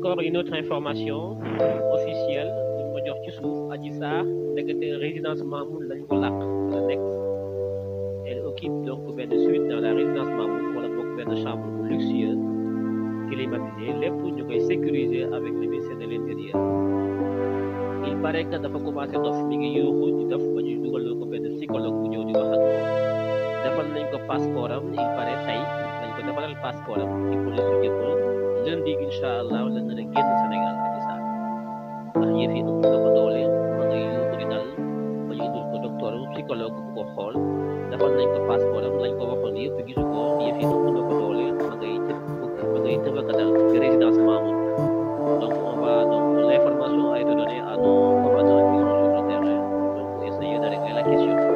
encore une autre information officielle buñ ma jox ci suuf Adji résidence Mamoun lañ ko làq la nekk elle occupe donc benn suite dans la résidence Mamoun wala boog benn chambre bu luxueuse climatisée lépp ñu koy sécuriser avec le ministère de l'intérieur il paraît que dafa commencé dof mi ngi yuuxu di dof ba ñu dugaloo ko psychologue bu ñëw di wax ak moom defal nañ ko passeport am il paraît tey dañ ko defaral passeport am ci police yu jëppal lundi gi incha allah la nar a génn Sénégal Adji Sarr ndax yëf yi ëpp na ko doole ma ngay muy dal ba ñu indil ko docteur psychologue bu ko xool defal nañ ko passeport am lañ ko waxoon yëpp gisu ko yëf yi ëpp na ko doole ma ngay tëb ma ngay tëb a dal ci résidence Mamour donc on va donc l' information a été donnée à nos combattants qui sont sur le terrain donc essayer de régler la question.